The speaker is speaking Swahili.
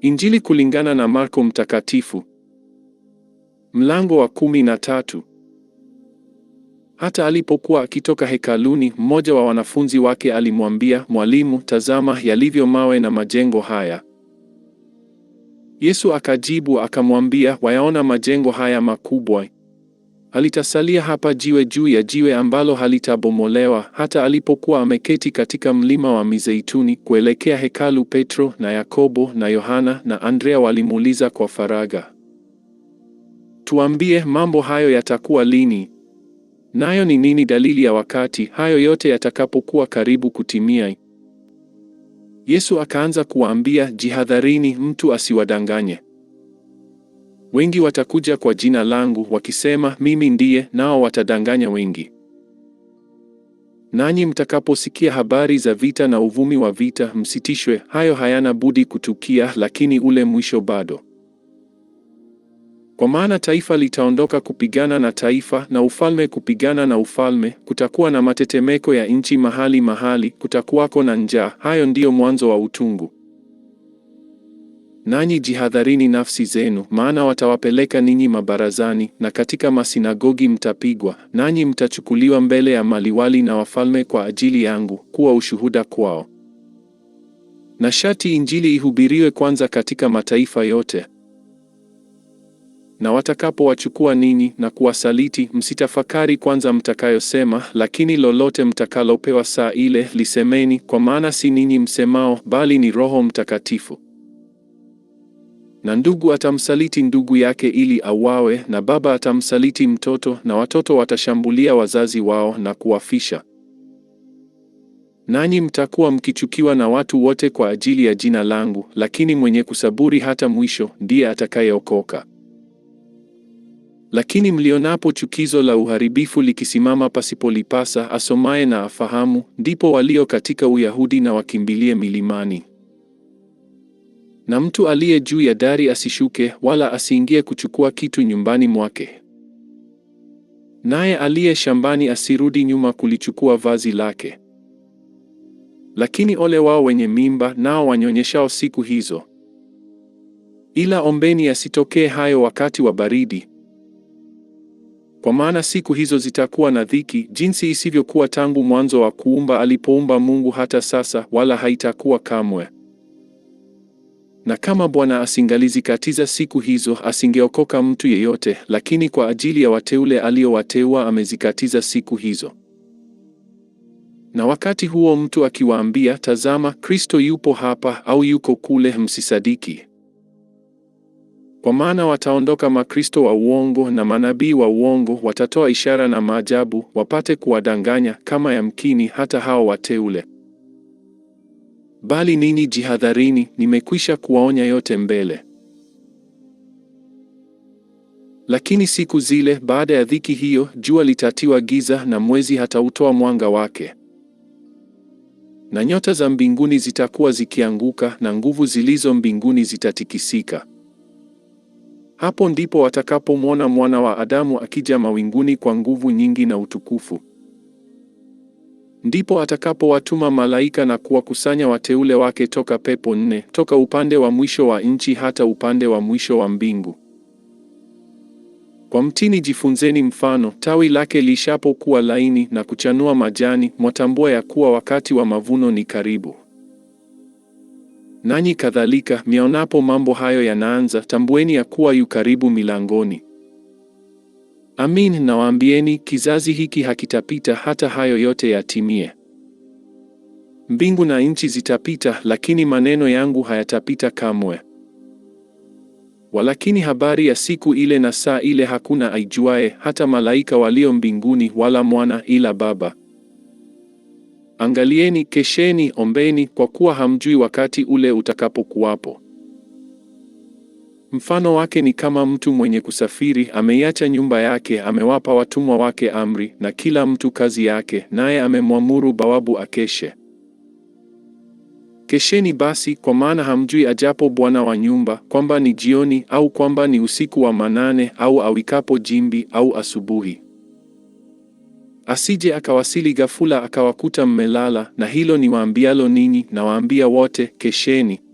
Injili kulingana na Marko Mtakatifu, mlango wa kumi na tatu. Hata alipokuwa akitoka hekaluni, mmoja wa wanafunzi wake alimwambia, Mwalimu, tazama yalivyo mawe na majengo haya. Yesu akajibu akamwambia, wayaona majengo haya makubwa? Alitasalia hapa jiwe juu ya jiwe ambalo halitabomolewa. Hata alipokuwa ameketi katika mlima wa Mizeituni kuelekea hekalu, Petro na Yakobo na Yohana na Andrea walimuuliza kwa faraga tuambie, mambo hayo yatakuwa lini? Nayo ni nini dalili ya wakati hayo yote yatakapokuwa karibu kutimia? Yesu akaanza kuwaambia, jihadharini mtu asiwadanganye. Wengi watakuja kwa jina langu wakisema, mimi ndiye, nao watadanganya wengi. Nanyi mtakaposikia habari za vita na uvumi wa vita, msitishwe; hayo hayana budi kutukia, lakini ule mwisho bado. Kwa maana taifa litaondoka kupigana na taifa, na ufalme kupigana na ufalme; kutakuwa na matetemeko ya nchi mahali mahali, kutakuwako na njaa. Hayo ndiyo mwanzo wa utungu nanyi jihadharini nafsi zenu, maana watawapeleka ninyi mabarazani, na katika masinagogi mtapigwa, nanyi mtachukuliwa mbele ya maliwali na wafalme kwa ajili yangu, kuwa ushuhuda kwao. Na shati Injili ihubiriwe kwanza katika mataifa yote. Na watakapowachukua ninyi na kuwasaliti, msitafakari kwanza mtakayosema, lakini lolote mtakalopewa saa ile lisemeni, kwa maana si ninyi msemao, bali ni Roho Mtakatifu na ndugu atamsaliti ndugu yake ili auawe, na baba atamsaliti mtoto, na watoto watashambulia wazazi wao na kuwafisha. Nanyi mtakuwa mkichukiwa na watu wote kwa ajili ya jina langu, lakini mwenye kusaburi hata mwisho ndiye atakayeokoka. Lakini mlionapo chukizo la uharibifu likisimama pasipolipasa, asomaye na afahamu, ndipo walio katika Uyahudi na wakimbilie milimani na mtu aliye juu ya dari asishuke wala asiingie kuchukua kitu nyumbani mwake, naye aliye shambani asirudi nyuma kulichukua vazi lake. Lakini ole wao wenye mimba nao wanyonyeshao siku hizo! Ila ombeni yasitokee hayo wakati wa baridi, kwa maana siku hizo zitakuwa na dhiki, jinsi isivyokuwa tangu mwanzo wa kuumba alipoumba Mungu hata sasa, wala haitakuwa kamwe na kama Bwana asingalizikatiza siku hizo, asingeokoka mtu yeyote, lakini kwa ajili ya wateule aliowateua amezikatiza siku hizo. Na wakati huo mtu akiwaambia, tazama, Kristo yupo hapa au yuko kule, msisadiki. Kwa maana wataondoka makristo wa uongo na manabii wa uongo, watatoa ishara na maajabu, wapate kuwadanganya, kama yamkini hata hao wateule. Bali ninyi jihadharini, nimekwisha kuwaonya yote mbele. Lakini siku zile baada ya dhiki hiyo, jua litatiwa giza, na mwezi hatautoa mwanga wake, na nyota za mbinguni zitakuwa zikianguka, na nguvu zilizo mbinguni zitatikisika. Hapo ndipo watakapomwona Mwana wa Adamu akija mawinguni kwa nguvu nyingi na utukufu ndipo atakapowatuma malaika na kuwakusanya wateule wake toka pepo nne, toka upande wa mwisho wa nchi hata upande wa mwisho wa mbingu. Kwa mtini jifunzeni mfano, tawi lake kuwa laini na kuchanua majani, mwatambua ya kuwa wakati wa mavuno ni karibu. Nanyi kadhalika, mionapo mambo hayo yanaanza, tambueni ya kuwa yu karibu milangoni. Amin, nawaambieni kizazi hiki hakitapita hata hayo yote yatimie. Mbingu na nchi zitapita, lakini maneno yangu hayatapita kamwe. Walakini habari ya siku ile na saa ile hakuna aijuae, hata malaika walio mbinguni, wala mwana, ila Baba. Angalieni, kesheni, ombeni, kwa kuwa hamjui wakati ule utakapokuwapo. Mfano wake ni kama mtu mwenye kusafiri, ameiacha nyumba yake, amewapa watumwa wake amri, na kila mtu kazi yake, naye amemwamuru bawabu akeshe. Kesheni basi, kwa maana hamjui ajapo bwana wa nyumba, kwamba ni jioni au kwamba ni usiku wa manane, au awikapo jimbi au asubuhi, asije akawasili ghafula akawakuta mmelala. Na hilo ni waambialo ninyi, nawaambia wote, kesheni.